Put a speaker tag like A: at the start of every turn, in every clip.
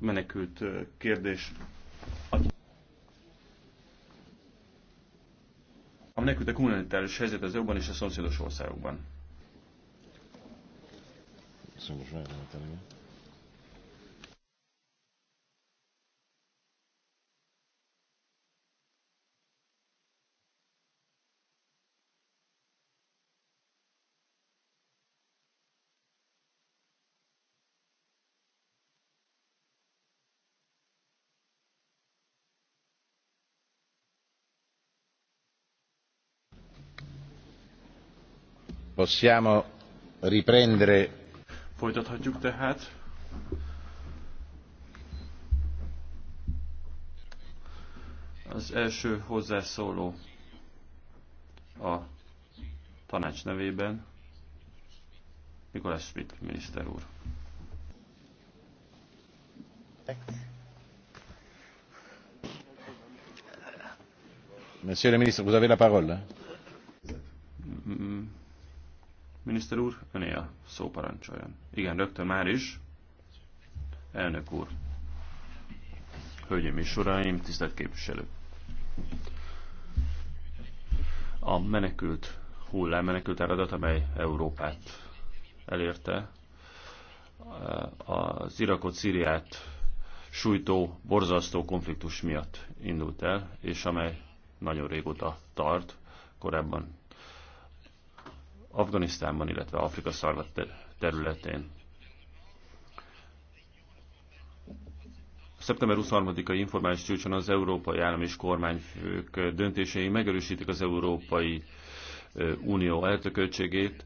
A: menekült kérdés. A menekültek humanitárius helyzet az jobban és a szomszédos országokban.
B: Köszönöm, Possiamo riprendere.
A: Folytathatjuk tehát.
B: Az első
A: hozzászóló a tanács nevében, Nikolás Schmidt miniszter úr.
B: Monsieur le ministre, vous avez la parole.
A: Miniszter úr, öné a szó parancsoljon. Igen, rögtön már is. Elnök úr. Hölgyeim és uraim, tisztelt képviselő. A menekült hullám, menekült áradat, amely Európát elérte, az Irakot, Szíriát sújtó, borzasztó konfliktus miatt indult el, és amely nagyon régóta tart, korábban Afganisztánban, illetve Afrika szarva területén. Szeptember 23-ai informális csúcson az európai állam és kormányfők döntései megerősítik az Európai Unió eltököltségét,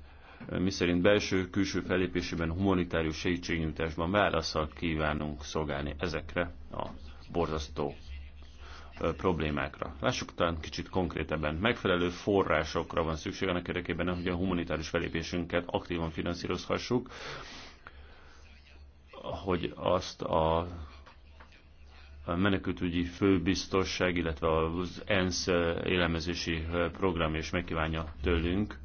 A: miszerint belső-külső fellépésében humanitárius segítségnyújtásban válaszsal kívánunk szolgálni ezekre a borzasztó problémákra. Lássuk talán kicsit konkrétebben. Megfelelő forrásokra van szükség annak érdekében, hogy a humanitárius felépésünket aktívan finanszírozhassuk, hogy azt a menekültügyi főbiztosság, illetve az ENSZ élelmezési program is megkívánja tőlünk,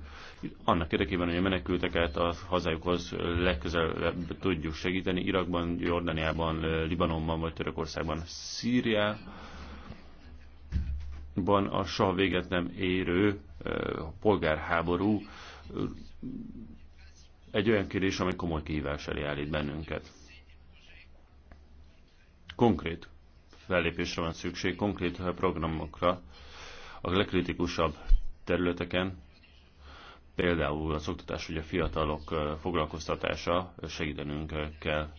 A: annak érdekében, hogy a menekülteket a hazájukhoz legközelebb tudjuk segíteni, Irakban, Jordániában, Libanonban vagy Törökországban, Szíriában, ban a soha véget nem érő polgárháború egy olyan kérdés, amely komoly kihívás elé állít bennünket. Konkrét fellépésre van szükség, konkrét programokra a legkritikusabb területeken, például az oktatás, hogy a fiatalok foglalkoztatása segítenünk kell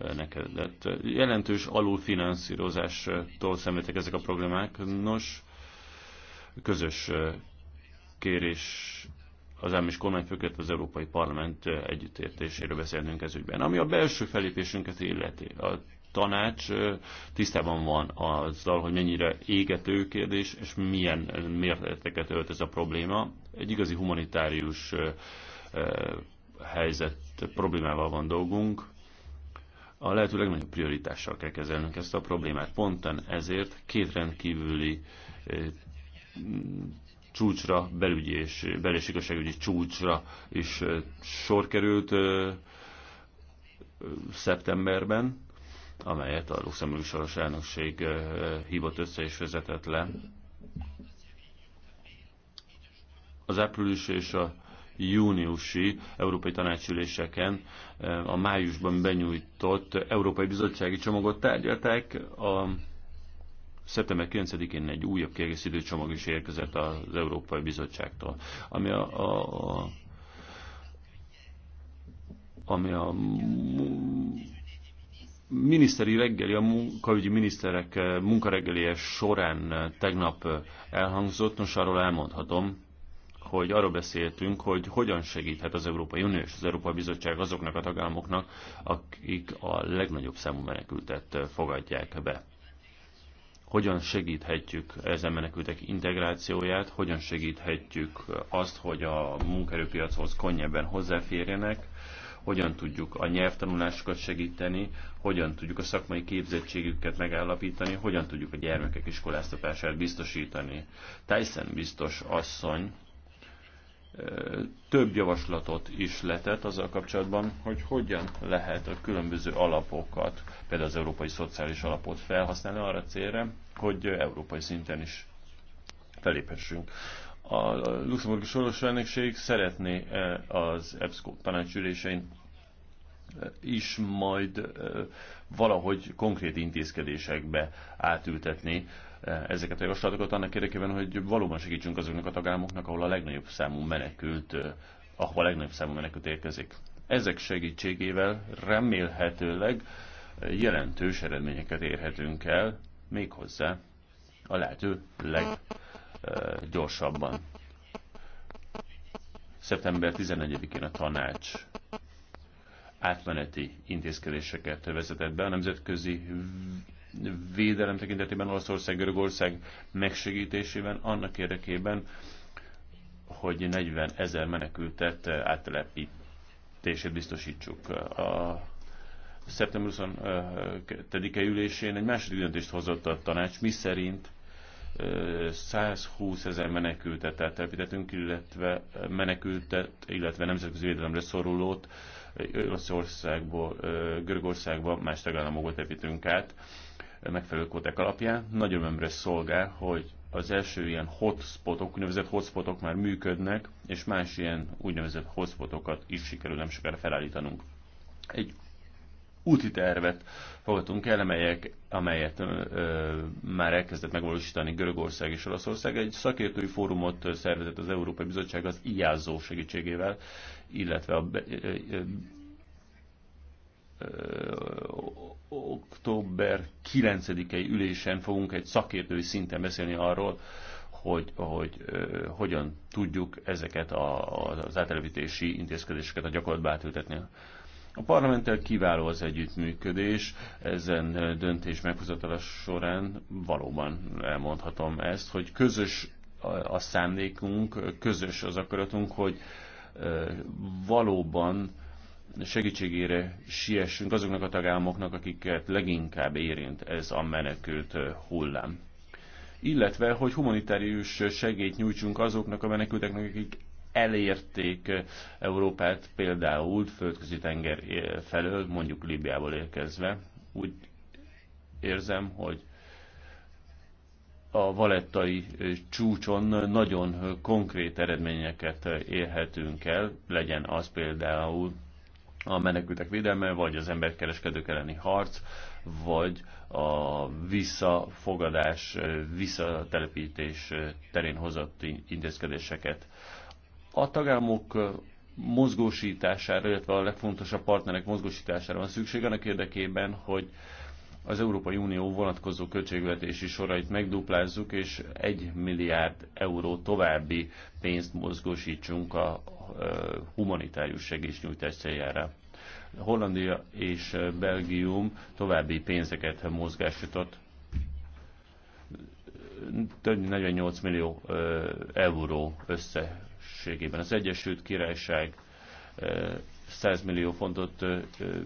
A: nekedett. Jelentős alulfinanszírozástól szemültek ezek a problémák. Nos, közös eh, kérés az elmés kormányfőket az Európai Parlament eh, együttértéséről beszélnünk ez ügyben. Ami a belső felépésünket illeti, a tanács eh, tisztában van azzal, hogy mennyire égető kérdés, és milyen mérleteket ölt ez a probléma. Egy igazi humanitárius helyzet problémával van dolgunk a lehető legnagyobb prioritással kell kezelnünk ezt a problémát. Pontan ezért két rendkívüli eh, csúcsra, belügyi és bel- csúcsra is eh, sor került eh, szeptemberben, amelyet a Luxemburgi Soros elnökség hívott össze és vezetett le. Az április és a júniusi európai tanácsüléseken eh, a májusban benyújtott Európai Bizottsági Csomagot tárgyalták. A szeptember 9-én egy újabb kiegészítő csomag is érkezett az Európai Bizottságtól, ami a, a, a ami a miniszteri reggeli, a munkaügyi miniszterek munkareggelie során tegnap elhangzott, most arról elmondhatom, hogy arról beszéltünk, hogy hogyan segíthet az Európai Unió és az Európai Bizottság azoknak a tagállamoknak, akik a legnagyobb számú menekültet fogadják be. Hogyan segíthetjük ezen menekültek integrációját, hogyan segíthetjük azt, hogy a munkaerőpiachoz könnyebben hozzáférjenek, hogyan tudjuk a nyelvtanulásukat segíteni, hogyan tudjuk a szakmai képzettségüket megállapítani, hogyan tudjuk a gyermekek iskoláztatását biztosítani. Tyson biztos asszony több javaslatot is letett azzal kapcsolatban, hogy hogyan lehet a különböző alapokat, például az Európai Szociális Alapot felhasználni arra célra, hogy európai szinten is feléphessünk. A Luxemburgi Soros Elnökség szeretné az EBSCO tanácsülésein is majd valahogy konkrét intézkedésekbe átültetni ezeket a javaslatokat annak érdekében, hogy valóban segítsünk azoknak a tagállamoknak, ahol a legnagyobb számú menekült, ahol a legnagyobb számú menekült érkezik. Ezek segítségével remélhetőleg jelentős eredményeket érhetünk el, méghozzá a lehető leggyorsabban. Szeptember 11-én a tanács átmeneti intézkedéseket vezetett be a nemzetközi védelem tekintetében Olaszország, Görögország megsegítésében annak érdekében, hogy 40 ezer menekültet áttelepítését biztosítsuk. A szeptember 22-e ülésén egy második döntést hozott a tanács, mi szerint 120 ezer menekültet áttelepítettünk, illetve menekültet, illetve nemzetközi védelemre szorulót Olaszországból, Görögországba, más tagállamokba tepítünk át megfelelő kódek alapján. Nagy örömömre szolgál, hogy az első ilyen hotspotok, úgynevezett hotspotok már működnek, és más ilyen úgynevezett hotspotokat is sikerül nem sokára felállítanunk. Egy úti tervet fogadtunk el, amelyek, amelyet ö, már elkezdett megvalósítani Görögország és Olaszország. Egy szakértői fórumot szervezett az Európai Bizottság az IAZO segítségével, illetve a ö, ö, október 9-i ülésen fogunk egy szakértői szinten beszélni arról, hogy, hogy ö, hogyan tudjuk ezeket a, az átelepítési intézkedéseket a gyakorlatba átültetni. A parlamenttel kiváló az együttműködés, ezen döntés meghozatala során valóban elmondhatom ezt, hogy közös a szándékunk, közös az akaratunk, hogy valóban segítségére siessünk azoknak a tagállamoknak, akiket leginkább érint ez a menekült hullám. Illetve, hogy humanitárius segélyt nyújtsunk azoknak a menekülteknek, akik elérték eh, Európát például földközi tenger eh, felől, mondjuk Líbiából érkezve. Úgy érzem, hogy a valettai eh, csúcson nagyon konkrét eredményeket érhetünk el, legyen az például a menekültek védelme, vagy az emberkereskedők elleni harc, vagy a visszafogadás, visszatelepítés terén hozott intézkedéseket a tagállamok mozgósítására, illetve a legfontosabb partnerek mozgósítására van szükség annak érdekében, hogy az Európai Unió vonatkozó költségvetési sorait megduplázzuk, és egy milliárd euró további pénzt mozgósítsunk a humanitárius segítségnyújtás céljára. Hollandia és Belgium további pénzeket mozgásított, több 48 millió euró össze összességében. Az Egyesült Királyság 100 millió fontot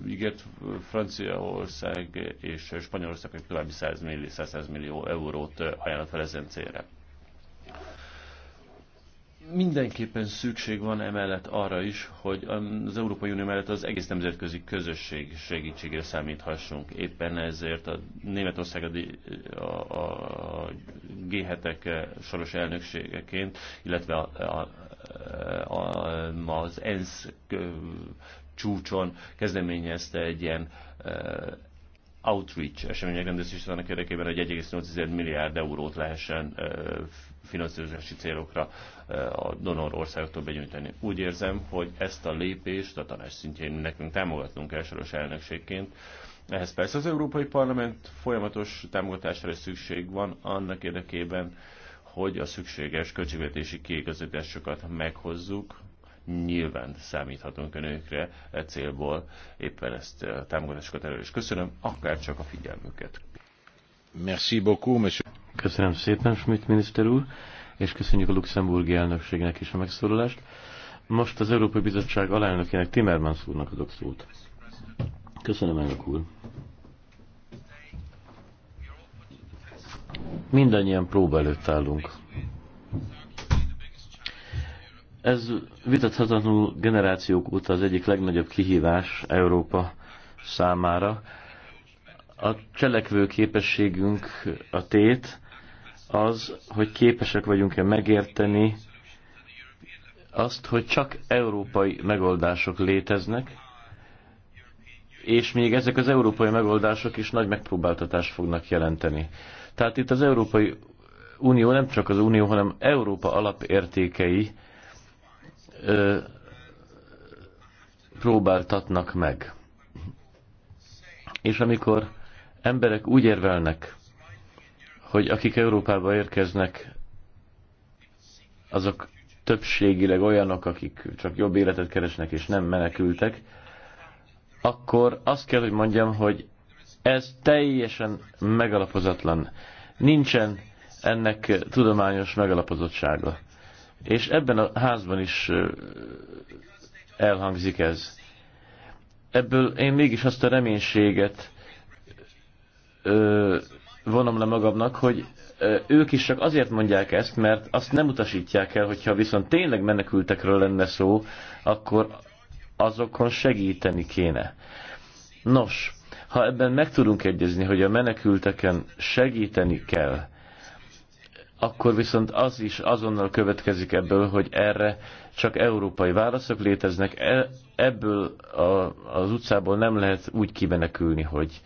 A: ígért Franciaország és Spanyolország egy további 100 millió, 100 millió eurót ajánlott fel ezen célra. Mindenképpen szükség van emellett arra is, hogy az Európai Unió mellett az egész nemzetközi közösség segítségére számíthassunk. Éppen ezért a Németország a, a, G7-ek soros elnökségeként, illetve a, a az ENSZ csúcson kezdeményezte egy ilyen outreach események rendezését annak érdekében, hogy 1,8 milliárd eurót lehessen finanszírozási célokra a donor országoktól begyűjteni. Úgy érzem, hogy ezt a lépést a tanács szintjén nekünk támogatnunk kell soros elnökségként. Ehhez persze az Európai Parlament folyamatos támogatásra szükség van annak érdekében, hogy a szükséges költségvetési kiigazításokat meghozzuk, nyilván számíthatunk önökre e célból, éppen ezt a e, támogatásokat elő is köszönöm, akár
B: csak a figyelmüket. Merci beaucoup, monsieur. Köszönöm szépen, Schmidt miniszter úr, és köszönjük a luxemburgi elnökségnek is a megszólalást. Most az Európai Bizottság alelnökének Timmermans úrnak adok szót. Köszönöm, elnök úr. Mindannyian prób előtt állunk. Ez vitathatatlanul generációk óta az egyik legnagyobb kihívás Európa számára. A cselekvő képességünk a tét az, hogy képesek vagyunk-e megérteni azt, hogy csak európai megoldások léteznek, és még ezek az európai megoldások is nagy megpróbáltatást fognak jelenteni. Tehát itt az Európai Unió nem csak az Unió, hanem Európa alapértékei ö, próbáltatnak meg. És amikor emberek úgy érvelnek, hogy akik Európába érkeznek, azok többségileg olyanok, akik csak jobb életet keresnek és nem menekültek, akkor azt kell, hogy mondjam, hogy ez teljesen megalapozatlan. Nincsen ennek tudományos megalapozottsága. És ebben a házban is elhangzik ez. Ebből én mégis azt a reménységet vonom le magamnak, hogy ők is csak azért mondják ezt, mert azt nem utasítják el, hogyha viszont tényleg menekültekről lenne szó, akkor azokon segíteni kéne. Nos, ha ebben meg tudunk egyezni, hogy a menekülteken segíteni kell, akkor viszont az is azonnal következik ebből, hogy erre csak európai válaszok léteznek. E, ebből a, az utcából nem lehet úgy kimenekülni, hogy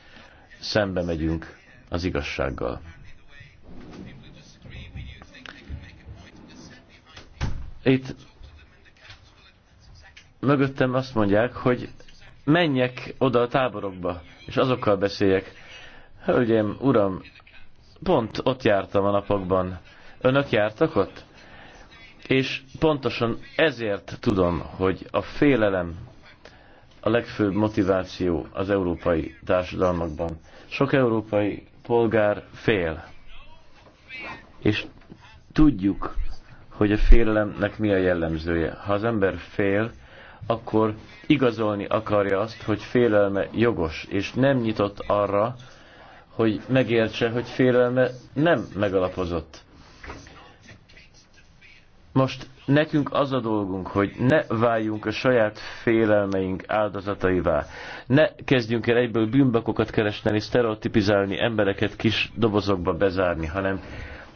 B: szembe megyünk az igazsággal. Itt mögöttem azt mondják, hogy menjek oda a táborokba és azokkal beszéljek. Hölgyeim, uram, pont ott jártam a napokban. Önök jártak ott? És pontosan ezért tudom, hogy a félelem a legfőbb motiváció az európai társadalmakban. Sok európai polgár fél. És tudjuk, hogy a félelemnek mi a jellemzője. Ha az ember fél, akkor igazolni akarja azt, hogy félelme jogos, és nem nyitott arra, hogy megértse, hogy félelme nem megalapozott. Most nekünk az a dolgunk, hogy ne váljunk a saját félelmeink áldozataivá. Ne kezdjünk el egyből bűnbakokat keresni, sztereotipizálni, embereket kis dobozokba bezárni, hanem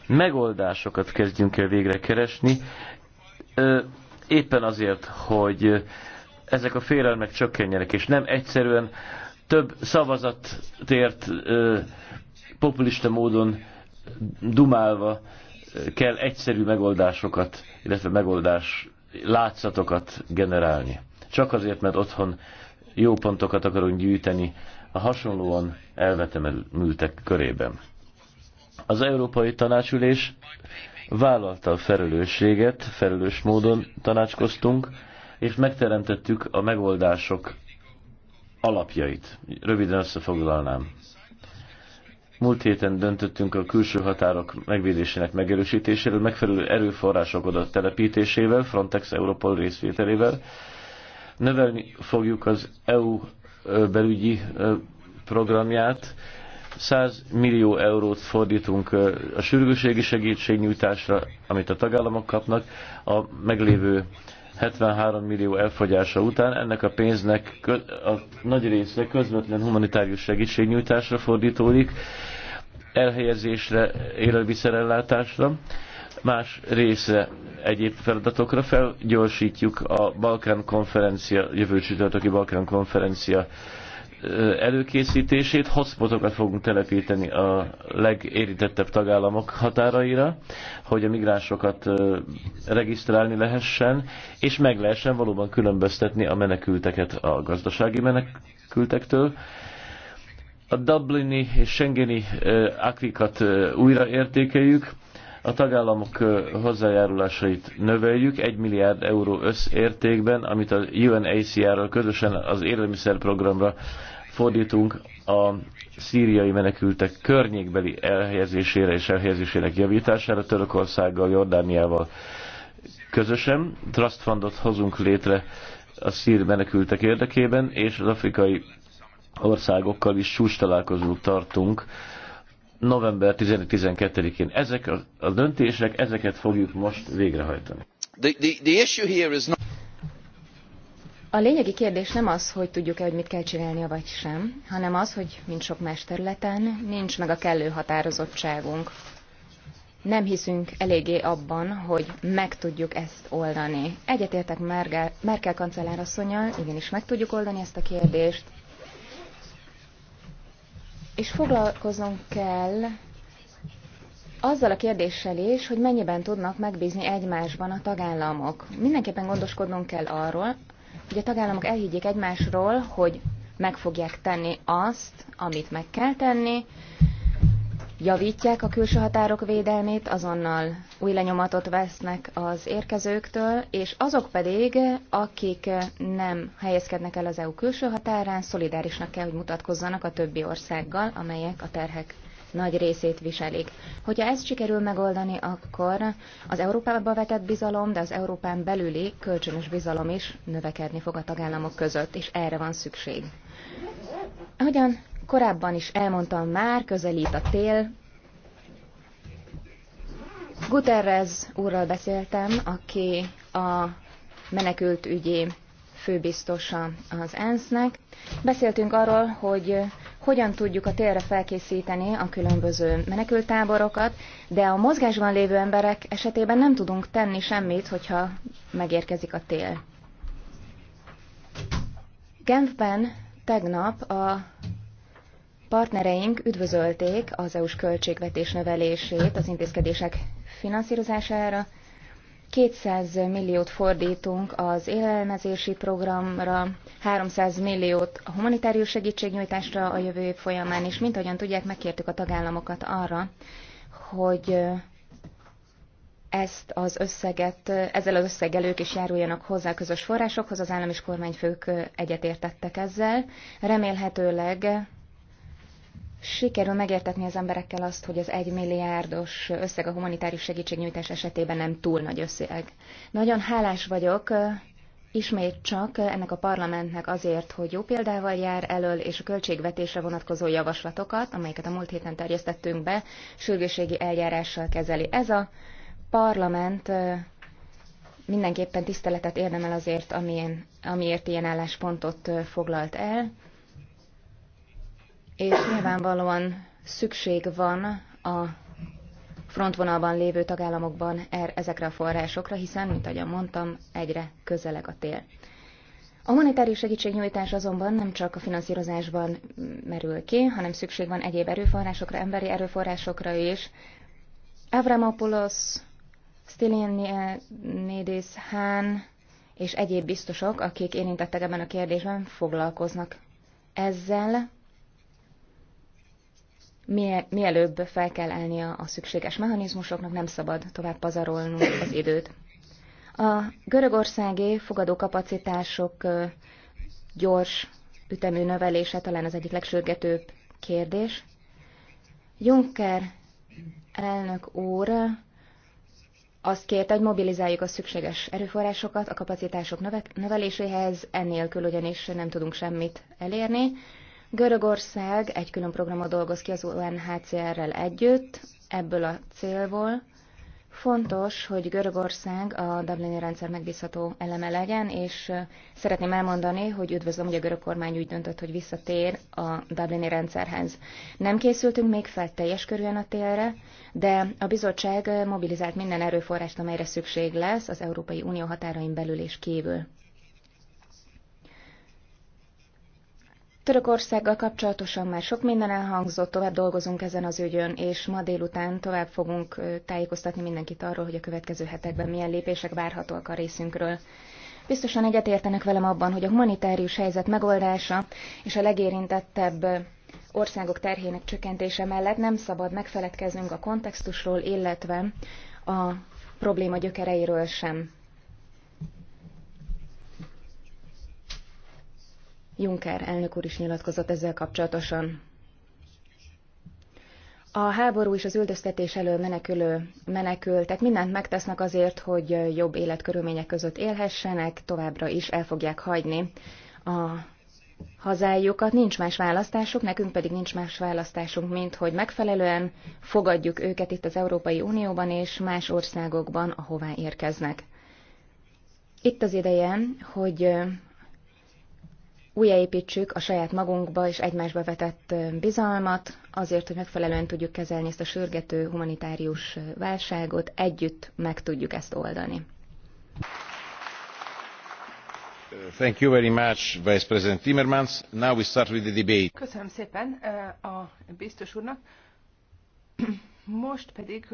B: megoldásokat kezdjünk el végre keresni. Ö, éppen azért, hogy ezek a félelmek csökkenjenek, és nem egyszerűen több szavazatért populista módon dumálva kell egyszerű megoldásokat, illetve megoldás látszatokat generálni. Csak azért, mert otthon jó pontokat akarunk gyűjteni a hasonlóan elvetemültek körében. Az Európai Tanácsülés vállalta a felelősséget, felelős módon tanácskoztunk, és megteremtettük a megoldások alapjait. Röviden összefoglalnám. Múlt héten döntöttünk a külső határok megvédésének megerősítéséről, megfelelő erőforrások oda telepítésével, Frontex Europol részvételével. Növelni fogjuk az EU belügyi programját, 100 millió eurót fordítunk a sürgőségi segítségnyújtásra, amit a tagállamok kapnak, a meglévő 73 millió elfogyása után ennek a pénznek a nagy része közvetlen humanitárius segítségnyújtásra fordítódik, elhelyezésre, élelmiszerellátásra, más része egyéb feladatokra felgyorsítjuk a Balkán konferencia, jövő csütörtöki Balkán konferencia előkészítését, hotspotokat fogunk telepíteni a legérintettebb tagállamok határaira, hogy a migránsokat regisztrálni lehessen, és meg lehessen valóban különböztetni a menekülteket a gazdasági menekültektől. A Dublini és Schengeni akvikat újra értékeljük, a tagállamok hozzájárulásait növeljük 1 milliárd euró összértékben, amit a unacr ral közösen az élelmiszerprogramra fordítunk a szíriai menekültek környékbeli elhelyezésére és elhelyezésének javítására Törökországgal, Jordániával közösen. Trust Fundot hozunk létre a szír menekültek érdekében, és az afrikai országokkal is sús találkozót tartunk november 11-12-én. Ezek a, a döntések, ezeket fogjuk most végrehajtani. The, the, the issue here is not...
C: A lényegi kérdés nem az, hogy tudjuk-e, hogy mit kell csinálnia, vagy sem, hanem az, hogy mint sok más területen nincs meg a kellő határozottságunk. Nem hiszünk eléggé abban, hogy meg tudjuk ezt oldani. Egyetértek Merkel, Merkel kancellárasszonyal, igenis meg tudjuk oldani ezt a kérdést, és foglalkoznunk kell azzal a kérdéssel is, hogy mennyiben tudnak megbízni egymásban a tagállamok. Mindenképpen gondoskodnunk kell arról, hogy a tagállamok elhiggyék egymásról, hogy meg fogják tenni azt, amit meg kell tenni, javítják a külső határok védelmét, azonnal új lenyomatot vesznek az érkezőktől, és azok pedig, akik nem helyezkednek el az EU külső határán, szolidárisnak kell, hogy mutatkozzanak a többi országgal, amelyek a terhek nagy részét viselik. Hogyha ezt sikerül megoldani, akkor az Európába vetett bizalom, de az Európán belüli kölcsönös bizalom is növekedni fog a tagállamok között, és erre van szükség. Ahogyan korábban is elmondtam már, közelít a tél, Guterrez úrral beszéltem, aki a menekült ügyi főbiztosa az ENSZ-nek. Beszéltünk arról, hogy hogyan tudjuk a télre felkészíteni a különböző menekültáborokat, de a mozgásban lévő emberek esetében nem tudunk tenni semmit, hogyha megérkezik a tél. Genfben tegnap a partnereink üdvözölték az EU-s költségvetés növelését az intézkedések finanszírozására, 200 milliót fordítunk az élelmezési programra, 300 milliót a humanitárius segítségnyújtásra a jövő év folyamán, és mint ahogyan tudják, megkértük a tagállamokat arra, hogy ezt az összeget, ezzel az összeggel ők is járuljanak hozzá a közös forrásokhoz, az állam és kormányfők egyetértettek ezzel. Remélhetőleg sikerül megértetni az emberekkel azt, hogy az egy milliárdos összeg a humanitárius segítségnyújtás esetében nem túl nagy összeg. Nagyon hálás vagyok ismét csak ennek a parlamentnek azért, hogy jó példával jár elől, és a költségvetésre vonatkozó javaslatokat, amelyeket a múlt héten terjesztettünk be, sürgőségi eljárással kezeli. Ez a parlament mindenképpen tiszteletet érdemel azért, amilyen, amiért ilyen álláspontot foglalt el és nyilvánvalóan szükség van a frontvonalban lévő tagállamokban er, ezekre a forrásokra, hiszen, mint ahogy mondtam, egyre közeleg a tél. A humanitárius segítségnyújtás azonban nem csak a finanszírozásban merül ki, hanem szükség van egyéb erőforrásokra, emberi erőforrásokra is. Avramopoulos, Stilinidis, Hán és egyéb biztosok, akik érintettek ebben a kérdésben, foglalkoznak ezzel, mielőbb fel kell állnia a szükséges mechanizmusoknak, nem szabad tovább pazarolnunk az időt. A görögországi fogadókapacitások gyors ütemű növelése talán az egyik legsürgetőbb kérdés. Juncker elnök úr azt kérte, hogy mobilizáljuk a szükséges erőforrásokat a kapacitások növeléséhez, ennélkül ugyanis nem tudunk semmit elérni. Görögország egy külön programot dolgoz ki az UNHCR-rel együtt, ebből a célból. Fontos, hogy Görögország a Dublini rendszer megbízható eleme legyen, és szeretném elmondani, hogy üdvözlöm, hogy a görög kormány úgy döntött, hogy visszatér a Dublini rendszerhez. Nem készültünk még fel teljes körülön a télre, de a bizottság mobilizált minden erőforrást, amelyre szükség lesz az Európai Unió határain belül és kívül. Törökországgal kapcsolatosan már sok minden elhangzott, tovább dolgozunk ezen az ügyön, és ma délután tovább fogunk tájékoztatni mindenkit arról, hogy a következő hetekben milyen lépések várhatóak a részünkről. Biztosan egyetértenek velem abban, hogy a humanitárius helyzet megoldása és a legérintettebb országok terhének csökkentése mellett nem szabad megfeledkeznünk a kontextusról, illetve a probléma gyökereiről sem. Juncker elnök úr is nyilatkozott ezzel kapcsolatosan. A háború és az üldöztetés elől menekülő menekültek mindent megtesznek azért, hogy jobb életkörülmények között élhessenek, továbbra is el fogják hagyni a hazájukat. Nincs más választásuk, nekünk pedig nincs más választásunk, mint hogy megfelelően fogadjuk őket itt az Európai Unióban és más országokban, ahová érkeznek. Itt az ideje, hogy újjáépítsük a saját magunkba és egymásba vetett bizalmat, azért, hogy megfelelően tudjuk kezelni ezt a sürgető humanitárius válságot, együtt meg tudjuk ezt oldani.
B: Thank you very much, Vice President Timmermans. Now we start with the debate.
C: Köszönöm szépen
D: a biztos úrnak. Most pedig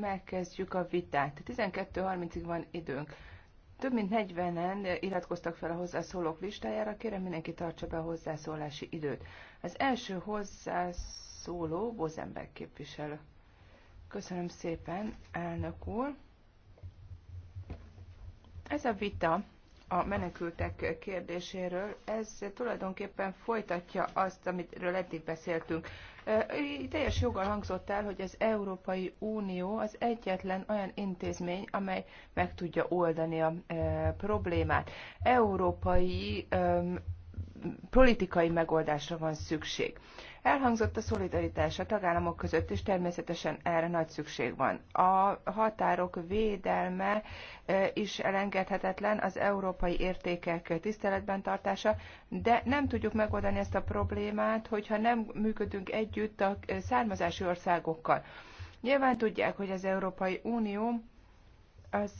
D: megkezdjük a vitát. 12.30-ig van időnk. Több mint 40-en iratkoztak fel a hozzászólók listájára, kérem mindenki tartsa be a hozzászólási időt. Az első hozzászóló Bozemberg képviselő. Köszönöm szépen, elnök úr. Ez a vita a menekültek kérdéséről. Ez tulajdonképpen folytatja azt, amiről eddig beszéltünk. Teljes joggal hangzott el, hogy az Európai Unió az egyetlen olyan intézmény, amely meg tudja oldani a problémát. Európai politikai megoldásra van szükség. Elhangzott a szolidaritás a tagállamok között, és természetesen erre nagy szükség van. A határok védelme e, is elengedhetetlen, az európai értékek tiszteletben tartása, de nem tudjuk megoldani ezt a problémát, hogyha nem működünk együtt a e, származási országokkal. Nyilván tudják, hogy az Európai Unió az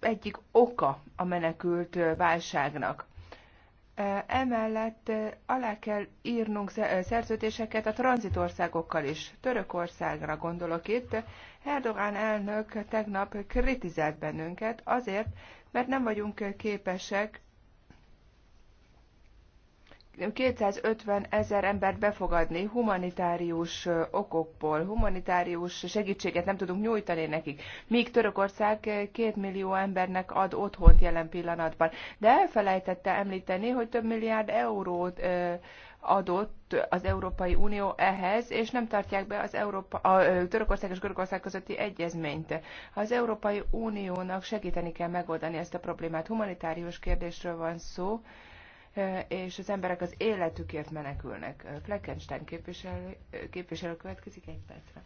D: egyik oka a menekült e, válságnak. Emellett alá kell írnunk szerződéseket a tranzitországokkal is. Törökországra gondolok itt. Erdogan elnök tegnap kritizált bennünket azért, mert nem vagyunk képesek 250 ezer embert befogadni humanitárius okokból, humanitárius segítséget nem tudunk nyújtani nekik, míg Törökország két millió embernek ad otthont jelen pillanatban. De elfelejtette említeni, hogy több milliárd eurót adott az Európai Unió ehhez, és nem tartják be az Európa, a Törökország és Görögország közötti egyezményt. Az Európai Uniónak segíteni kell megoldani ezt a problémát. Humanitárius kérdésről van szó és az emberek az életükért menekülnek. Fleckenstein képviselő, képviselő következik egy percre.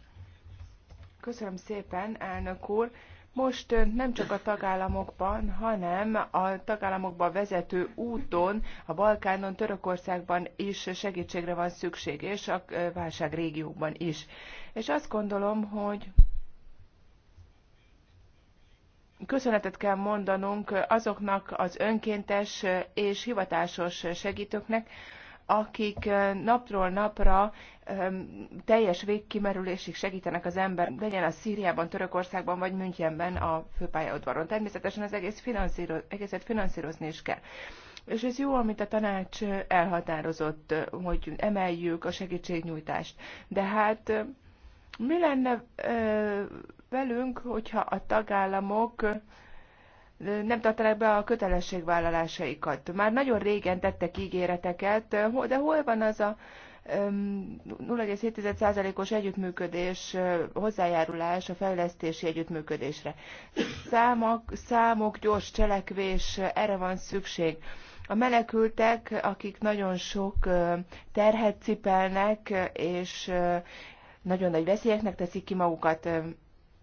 D: Köszönöm szépen, elnök úr. Most nem csak a tagállamokban, hanem a tagállamokban vezető úton, a Balkánon, Törökországban is segítségre van szükség, és a régiókban is. És azt gondolom, hogy köszönetet kell mondanunk azoknak az önkéntes és hivatásos segítőknek, akik napról napra teljes végkimerülésig segítenek az ember, legyen a Szíriában, Törökországban vagy Münchenben a főpályaudvaron. Természetesen az egész finanszíroz, egészet finanszírozni is kell. És ez jó, amit a tanács elhatározott, hogy emeljük a segítségnyújtást. De hát mi lenne velünk, hogyha a tagállamok nem tartanák be a kötelességvállalásaikat. Már nagyon régen tettek ígéreteket, de hol van az a 0,7%-os együttműködés, hozzájárulás a fejlesztési együttműködésre. Számok, számok, gyors cselekvés, erre van szükség. A menekültek, akik nagyon sok terhet cipelnek, és nagyon nagy veszélyeknek teszik ki magukat,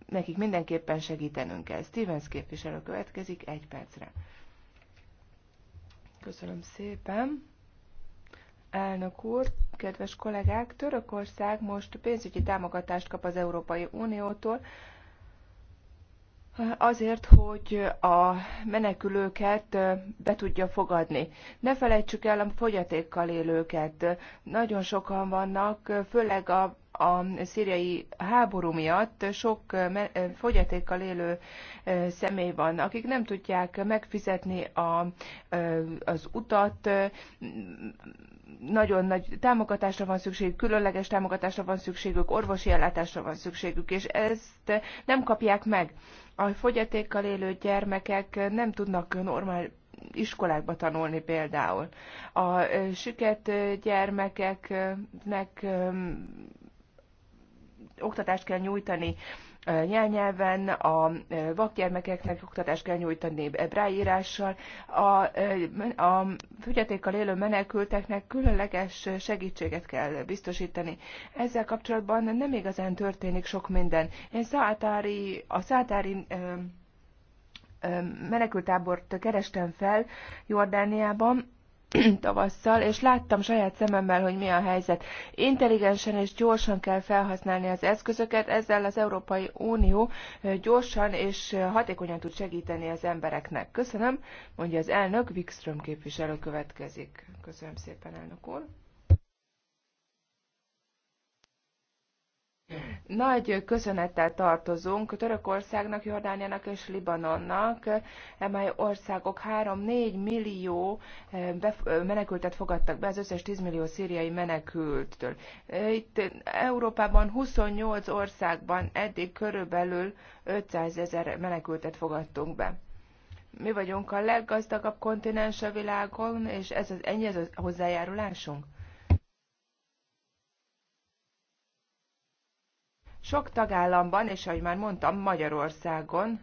D: nekik mindenképpen segítenünk kell. Stevens képviselő következik egy percre. Köszönöm szépen. Elnök úr, kedves kollégák, Törökország most pénzügyi támogatást kap az Európai Uniótól, azért, hogy a menekülőket be tudja fogadni. Ne felejtsük el a fogyatékkal élőket. Nagyon sokan vannak, főleg a a szíriai háború miatt sok fogyatékkal élő személy van, akik nem tudják megfizetni a, az utat, nagyon nagy támogatásra van szükség, különleges támogatásra van szükségük, orvosi ellátásra van szükségük, és ezt nem kapják meg. A fogyatékkal élő gyermekek nem tudnak normál iskolákba tanulni például. A süket gyermekeknek oktatást kell nyújtani nyelnyelven, a vakgyermekeknek oktatást kell nyújtani e, bráírással, a, a fügyetékkal élő menekülteknek különleges segítséget kell biztosítani. Ezzel kapcsolatban nem igazán történik sok minden. Én szátári, a szátári menekültábort kerestem fel Jordániában, tavasszal, és láttam saját szememmel, hogy mi a helyzet. Intelligensen és gyorsan kell felhasználni az eszközöket, ezzel az Európai Unió gyorsan és hatékonyan tud segíteni az embereknek. Köszönöm, mondja az elnök, Wikström képviselő következik. Köszönöm szépen, elnök úr. Nagy köszönettel tartozunk Törökországnak, Jordániának és Libanonnak, mely országok 3-4 millió eh, eh, menekültet fogadtak be, az összes 10 millió szíriai menekülttől. Eh, itt Európában 28 országban eddig körülbelül 500 ezer menekültet fogadtunk be. Mi vagyunk a leggazdagabb kontinens a világon, és ez az, ennyi ez a hozzájárulásunk? Sok tagállamban, és ahogy már mondtam, Magyarországon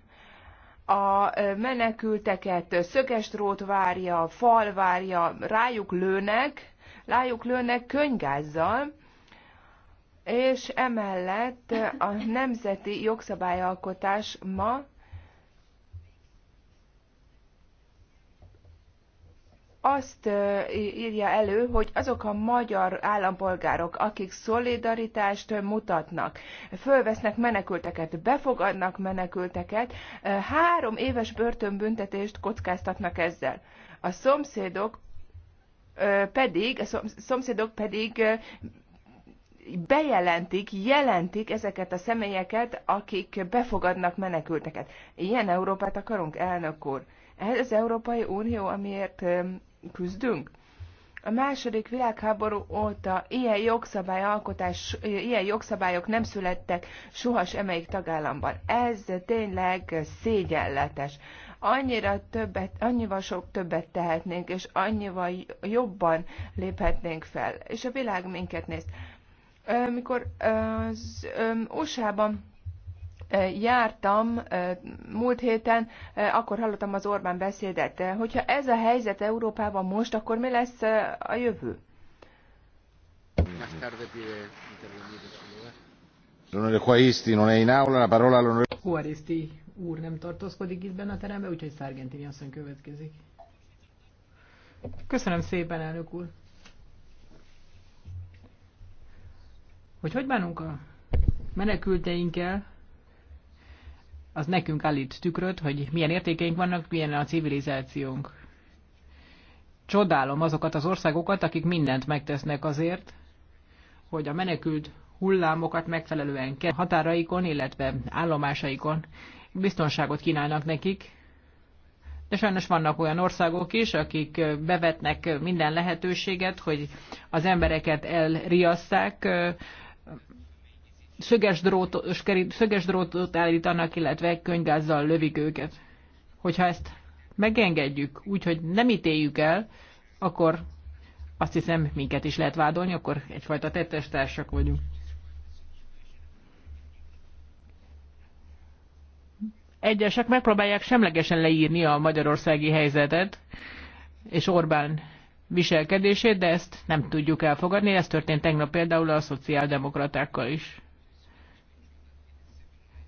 D: a menekülteket szöges drót várja, fal várja, rájuk lőnek, rájuk lőnek könygázzal, és emellett a nemzeti jogszabályalkotás ma azt írja elő, hogy azok a magyar állampolgárok, akik szolidaritást mutatnak, fölvesznek menekülteket, befogadnak menekülteket, három éves börtönbüntetést kockáztatnak ezzel. A szomszédok pedig, a szomszédok pedig bejelentik, jelentik ezeket a személyeket, akik befogadnak menekülteket. Ilyen Európát akarunk, elnök úr. Ez az Európai Unió, amiért küzdünk. A második világháború óta ilyen, jogszabályalkotás, ilyen jogszabályok nem születtek sohas emelyik tagállamban. Ez tényleg szégyenletes. Annyira többet, annyival sok többet tehetnénk, és annyival jobban léphetnénk fel. És a világ minket néz. Mikor az USA-ban jártam múlt héten, akkor hallottam az Orbán beszédet. Hogyha ez a helyzet Európában most, akkor mi lesz a jövő?
E: Huaristi úr nem tartózkodik itt benne a teremben, úgyhogy Szargentini asszony következik. Köszönöm szépen, elnök úr. Hogy hogy bánunk a menekülteinkkel, az nekünk állít tükröt, hogy milyen értékeink vannak, milyen a civilizációnk. Csodálom azokat az országokat, akik mindent megtesznek azért, hogy a menekült hullámokat megfelelően határaikon, illetve állomásaikon biztonságot kínálnak nekik. De sajnos vannak olyan országok is, akik bevetnek minden lehetőséget, hogy az embereket elriasszák, szöges drótot, szöges drótot állítanak, illetve könygázzal lövik őket. Hogyha ezt megengedjük, úgyhogy nem ítéljük el, akkor azt hiszem minket is lehet vádolni, akkor egyfajta tettestársak vagyunk. Egyesek megpróbálják semlegesen leírni a magyarországi helyzetet és Orbán viselkedését, de ezt nem tudjuk elfogadni. Ez történt tegnap például a szociáldemokratákkal is.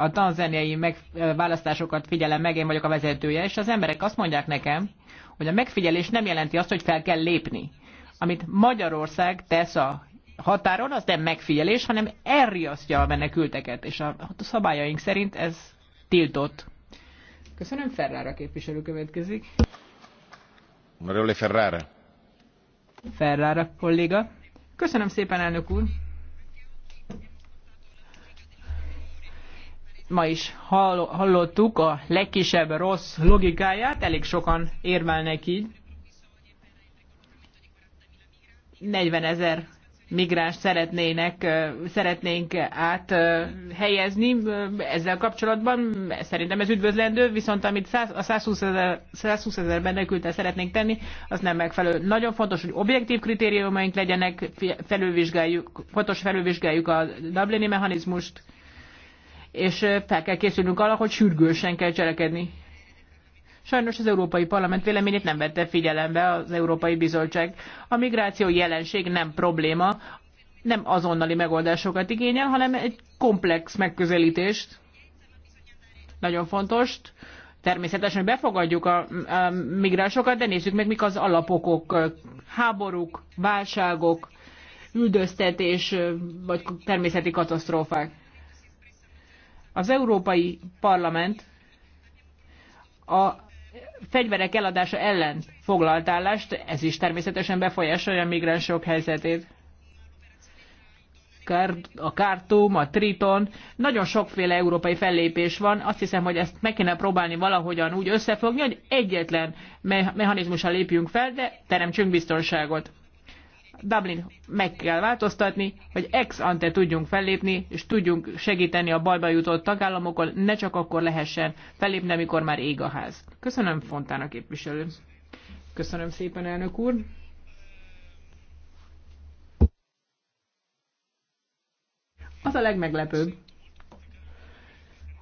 E: a tanzeniai választásokat figyelem meg, én vagyok a vezetője, és az emberek azt mondják nekem, hogy a megfigyelés nem jelenti azt, hogy fel kell lépni. Amit Magyarország tesz a határon, az nem megfigyelés, hanem elriasztja a menekülteket, és a szabályaink szerint ez tiltott. Köszönöm, Ferrara képviselő következik.
B: Marile Ferrara.
E: Ferrara kolléga. Köszönöm szépen, elnök úr. ma is hallottuk a legkisebb rossz logikáját, elég sokan érvelnek így. 40 ezer migráns szeretnének, szeretnénk áthelyezni ezzel kapcsolatban. Szerintem ez üdvözlendő, viszont amit a 120 ezer, menekültel szeretnénk tenni, az nem megfelelő. Nagyon fontos, hogy objektív kritériumaink legyenek, felülvizsgáljuk, fontos felülvizsgáljuk a Dublini mechanizmust, és fel kell készülnünk arra, hogy sürgősen kell cselekedni. Sajnos az Európai Parlament véleményét nem vette figyelembe az Európai Bizottság. A migráció jelenség nem probléma, nem azonnali megoldásokat igényel, hanem egy komplex megközelítést. Nagyon fontos. Természetesen befogadjuk a, a migránsokat, de nézzük meg, mik az alapokok, háborúk, válságok, üldöztetés vagy természeti katasztrófák. Az Európai Parlament a fegyverek eladása ellen foglalt állást, ez is természetesen befolyásolja a migránsok helyzetét. A Kártum, a Triton, nagyon sokféle európai fellépés van. Azt hiszem, hogy ezt meg kéne próbálni valahogyan úgy összefogni, hogy egyetlen mechanizmussal lépjünk fel, de teremtsünk biztonságot. Dublin meg kell változtatni, hogy ex ante tudjunk fellépni, és tudjunk segíteni a bajba jutott tagállamokon, ne csak akkor lehessen fellépni, amikor már ég a ház. Köszönöm Fontának képviselő. Köszönöm szépen, elnök úr. Az a legmeglepőbb,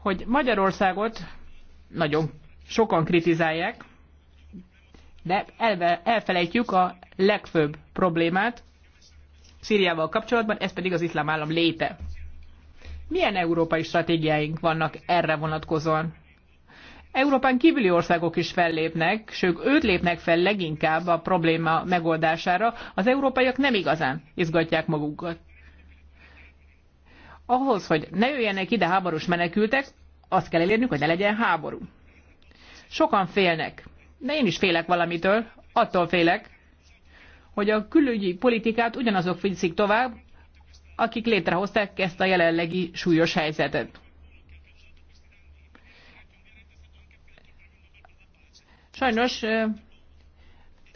E: hogy Magyarországot nagyon sokan kritizálják, de elve, elfelejtjük a legfőbb problémát Szíriával kapcsolatban, ez pedig az iszlám állam léte. Milyen európai stratégiáink vannak erre vonatkozóan? Európán kívüli országok is fellépnek, sőt, őt lépnek fel leginkább a probléma megoldására, az európaiak nem igazán izgatják magukat. Ahhoz, hogy ne jöjjenek ide háborús menekültek, azt kell elérnünk, hogy ne legyen háború. Sokan félnek. De én is félek valamitől, attól félek, hogy a külügyi politikát ugyanazok viszik tovább, akik létrehozták ezt a jelenlegi súlyos helyzetet. Sajnos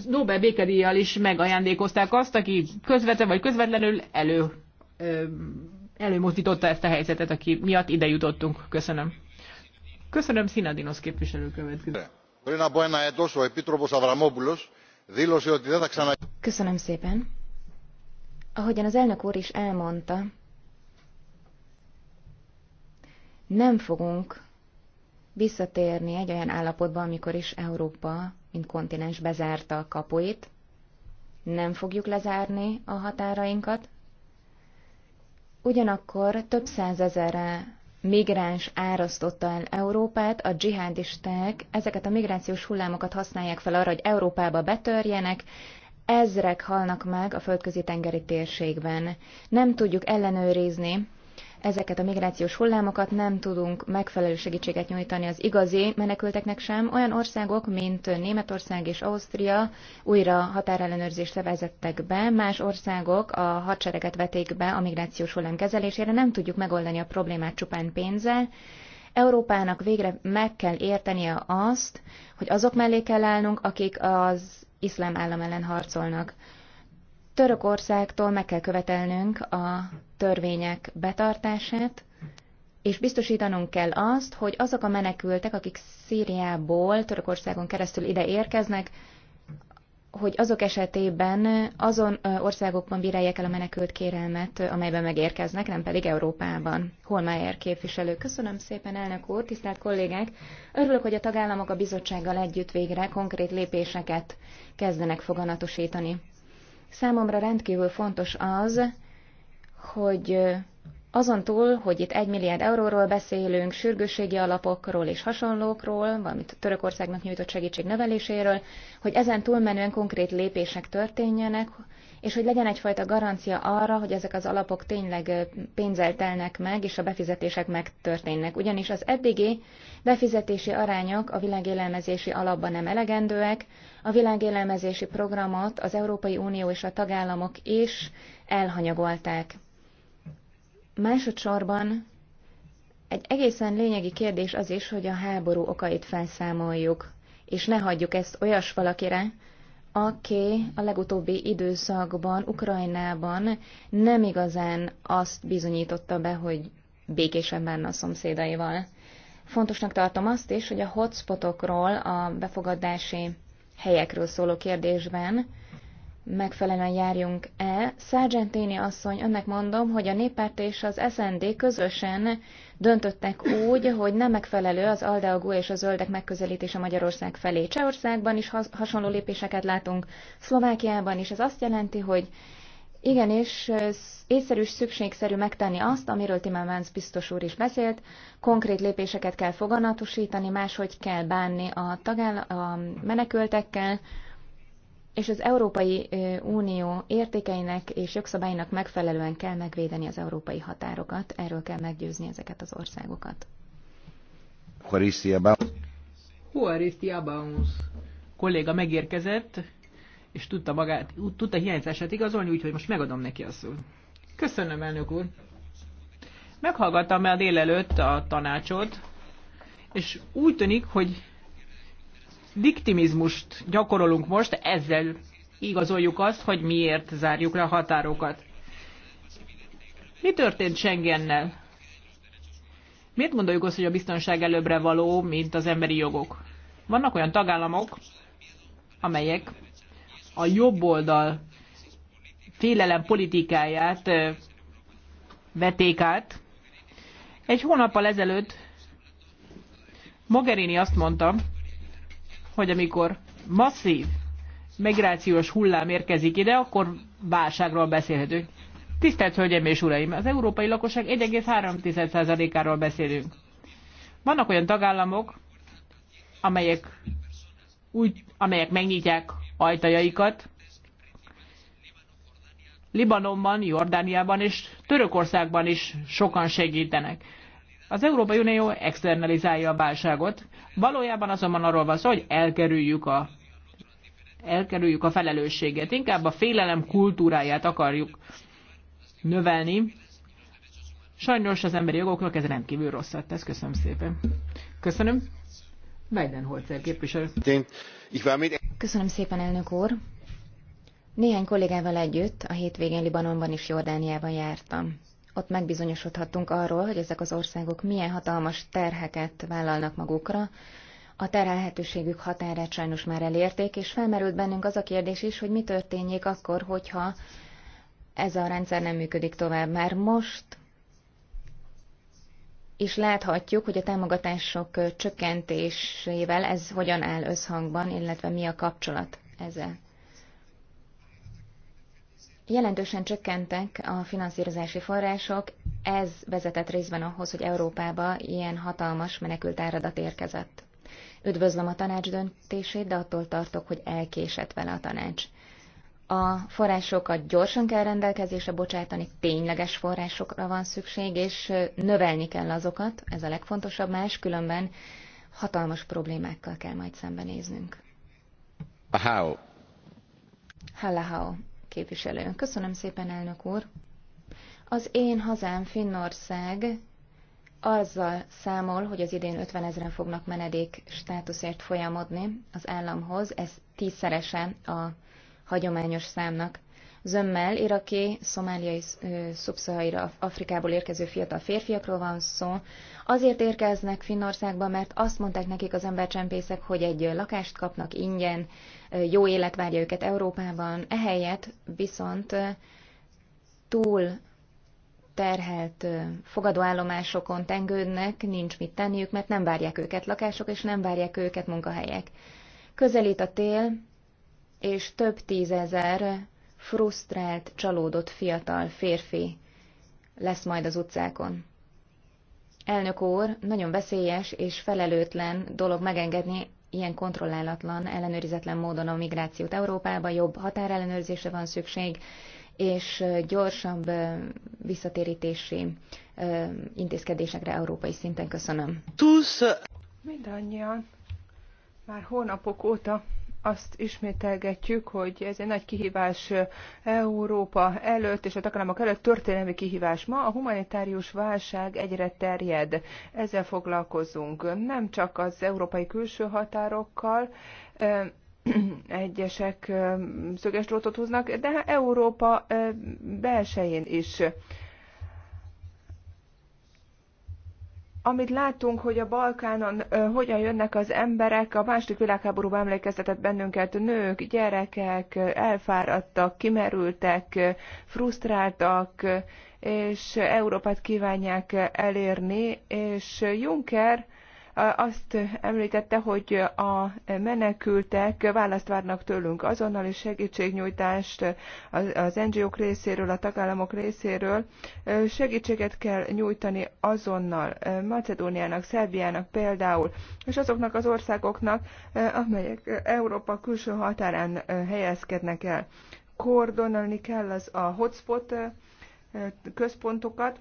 E: Nobel békedíjjal is megajándékozták azt, aki közvetve vagy közvetlenül elő, előmozdította ezt a helyzetet, aki miatt ide jutottunk. Köszönöm.
C: Köszönöm, Színadinos képviselő következő.
A: Πριν από ένα έτος, ο Επίτροπος Αβραμόπουλος
B: δήλωσε ότι δεν θα ξανα...
C: Köszönöm szépen. Ahogyan az elnök úr is elmondta, nem fogunk visszatérni egy olyan állapotba, amikor is Európa, mint kontinens bezárta a kapuit. Nem fogjuk lezárni a határainkat. Ugyanakkor több százezerre migráns árasztotta el Európát, a dzsihádisták ezeket a migrációs hullámokat használják fel arra, hogy Európába betörjenek, ezrek halnak meg a földközi tengeri térségben. Nem tudjuk ellenőrizni ezeket a migrációs hullámokat, nem tudunk megfelelő segítséget nyújtani az igazi menekülteknek sem. Olyan országok, mint Németország és Ausztria újra határellenőrzést vezettek be, más országok a hadsereget veték be a migrációs hullám kezelésére, nem tudjuk megoldani a problémát csupán pénzzel, Európának végre meg kell értenie azt, hogy azok mellé kell állnunk, akik az iszlám állam ellen harcolnak. Törökországtól meg kell követelnünk a törvények betartását, és biztosítanunk kell azt, hogy azok a menekültek, akik Szíriából, Törökországon keresztül ide érkeznek, hogy azok esetében azon országokban bírálják el a menekült kérelmet, amelyben megérkeznek, nem pedig Európában. Holmeier képviselő. Köszönöm szépen, elnök úr, tisztelt kollégák! Örülök, hogy a tagállamok a bizottsággal együtt végre konkrét lépéseket kezdenek foganatosítani. Számomra rendkívül fontos az, hogy azon túl, hogy itt 1 milliárd euróról beszélünk, sürgősségi alapokról és hasonlókról, valamint Törökországnak nyújtott segítség növeléséről, hogy ezen túlmenően konkrét lépések történjenek, és hogy legyen egyfajta garancia arra, hogy ezek az alapok tényleg pénzzel telnek meg, és a befizetések megtörténnek. Ugyanis az eddigi befizetési arányok a világélelmezési alapban nem elegendőek, a világélelmezési programot az Európai Unió és a tagállamok is elhanyagolták. Másodszorban egy egészen lényegi kérdés az is, hogy a háború okait felszámoljuk, és ne hagyjuk ezt olyas valakire, aki a legutóbbi időszakban, Ukrajnában nem igazán azt bizonyította be, hogy békésen bánna a szomszédaival. Fontosnak tartom azt is, hogy a hotspotokról, a befogadási helyekről szóló kérdésben megfelelően járjunk el. Sargentini asszony, önnek mondom, hogy a néppárt és az SND közösen döntöttek úgy, hogy nem megfelelő az aldeagú és a zöldek megközelítése Magyarország felé. Csehországban is hasonló lépéseket látunk, Szlovákiában is. Ez azt jelenti, hogy Igenis, észszerű és szükségszerű megtenni azt, amiről Vánc biztos úr is beszélt, konkrét lépéseket kell foganatosítani, máshogy kell bánni a, tagáll- a menekültekkel, és az Európai Unió értékeinek és jogszabálynak megfelelően kell megvédeni az európai határokat, erről kell meggyőzni ezeket az országokat.
E: Huaristia Baus kolléga megérkezett, és tudta, magát, tudta hiányzását igazolni, úgyhogy most megadom neki a szót. Köszönöm, elnök úr! Meghallgattam el délelőtt a tanácsot, és úgy tűnik, hogy viktimizmust gyakorolunk most, ezzel igazoljuk azt, hogy miért zárjuk le a határokat. Mi történt Schengennel? Miért gondoljuk azt, hogy a biztonság előbbre való, mint az emberi jogok? Vannak olyan tagállamok, amelyek a jobb oldal félelem politikáját vették át. Egy hónappal ezelőtt Mogherini azt mondta, hogy amikor masszív migrációs hullám érkezik ide, akkor válságról beszélhetünk. Tisztelt Hölgyeim és Uraim! Az európai lakosság 1,3%-áról beszélünk. Vannak olyan tagállamok, amelyek, úgy, amelyek megnyitják ajtajaikat, Libanonban, Jordániában és Törökországban is sokan segítenek. Az Európai Unió externalizálja a válságot, valójában azonban arról van szó, hogy elkerüljük a elkerüljük a felelősséget. Inkább a félelem kultúráját akarjuk növelni. Sajnos az emberi jogoknak ez rendkívül rosszat tesz. Köszönöm szépen. Köszönöm. Holzer képviselő.
C: Köszönöm szépen, elnök úr. Néhány kollégával együtt a hétvégén Libanonban és Jordániában jártam ott megbizonyosodhatunk arról, hogy ezek az országok milyen hatalmas terheket vállalnak magukra. A terhelhetőségük határát sajnos már elérték, és felmerült bennünk az a kérdés is, hogy mi történjék akkor, hogyha ez a rendszer nem működik tovább. Már most és láthatjuk, hogy a támogatások csökkentésével ez hogyan áll összhangban, illetve mi a kapcsolat ezzel. Jelentősen csökkentek a finanszírozási források, ez vezetett részben ahhoz, hogy Európába ilyen hatalmas menekült áradat érkezett. Üdvözlöm a tanács döntését, de attól tartok, hogy elkésett vele a tanács. A forrásokat gyorsan kell rendelkezésre bocsátani, tényleges forrásokra van szükség, és növelni kell azokat, ez a legfontosabb, más különben hatalmas problémákkal kell majd szembenéznünk. How? Hallahao képviselő. Köszönöm szépen, elnök úr. Az én hazám Finnország azzal számol, hogy az idén 50 ezeren fognak menedék státuszért folyamodni az államhoz, ez tízszerese a hagyományos számnak zömmel iraki, szomáliai, szubszahaira Afrikából érkező fiatal férfiakról van szó. Azért érkeznek Finnországba, mert azt mondták nekik az embercsempészek, hogy egy lakást kapnak ingyen, jó élet várja őket Európában. Ehelyett viszont túl terhelt fogadóállomásokon tengődnek, nincs mit tenniük, mert nem várják őket lakások, és nem várják őket munkahelyek. Közelít a tél, és több tízezer frusztrált, csalódott fiatal férfi lesz majd az utcákon. Elnök úr, nagyon veszélyes és felelőtlen dolog megengedni ilyen kontrollálatlan, ellenőrizetlen módon a migrációt Európába, jobb határellenőrzésre van szükség, és gyorsabb visszatérítési intézkedésekre európai szinten köszönöm.
D: Mindannyian már hónapok óta azt ismételgetjük, hogy ez egy nagy kihívás Európa előtt és a tagállamok előtt történelmi kihívás. Ma a humanitárius válság egyre terjed. Ezzel foglalkozunk. Nem csak az európai külső határokkal, egyesek szöges drótot húznak, de Európa belsején is. amit látunk, hogy a Balkánon hogyan jönnek az emberek, a második világháborúban emlékeztetett bennünket nők, gyerekek, elfáradtak, kimerültek, frusztráltak, és Európát kívánják elérni, és Juncker azt említette, hogy a menekültek választ várnak tőlünk azonnali segítségnyújtást az NGO-k részéről, a tagállamok részéről. Segítséget kell nyújtani azonnal Macedóniának, Szerbiának például, és azoknak az országoknak, amelyek Európa külső határán helyezkednek el. Koordonálni kell az a hotspot eh, központokat,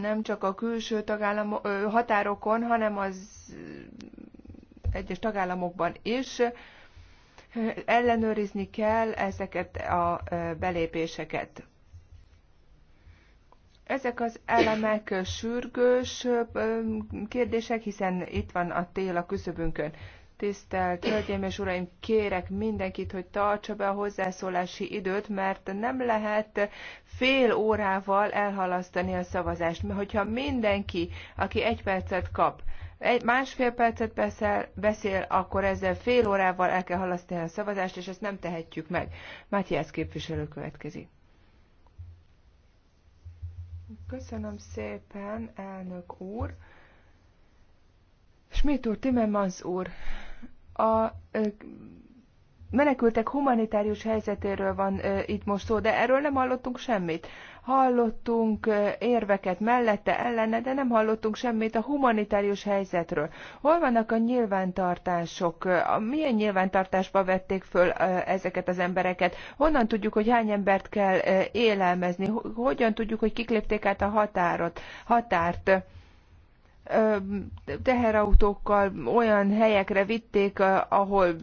D: nem csak a külső tagállam, határokon, hanem az egyes tagállamokban is ellenőrizni kell ezeket a belépéseket. Ezek az elemek sürgős kérdések, hiszen itt van a tél a küszöbünkön. Tisztelt Hölgyeim és Uraim, kérek mindenkit, hogy tartsa be a hozzászólási időt, mert nem lehet fél órával elhalasztani a szavazást. Mert hogyha mindenki, aki egy percet kap, egy másfél percet beszél, beszél, akkor ezzel fél órával el kell halasztani a szavazást, és ezt nem tehetjük meg. Mátyász képviselő következik. Köszönöm szépen, elnök úr. Schmidt úr, Timmermans úr, a menekültek humanitárius helyzetéről van itt most szó, de erről nem hallottunk semmit. Hallottunk érveket mellette, ellene, de nem hallottunk semmit a humanitárius helyzetről. Hol vannak a nyilvántartások? Milyen nyilvántartásba vették föl ezeket az embereket? Honnan tudjuk, hogy hány embert kell élelmezni? Hogyan tudjuk, hogy kiklépték át a határot, határt? teherautókkal olyan helyekre vitték, ahol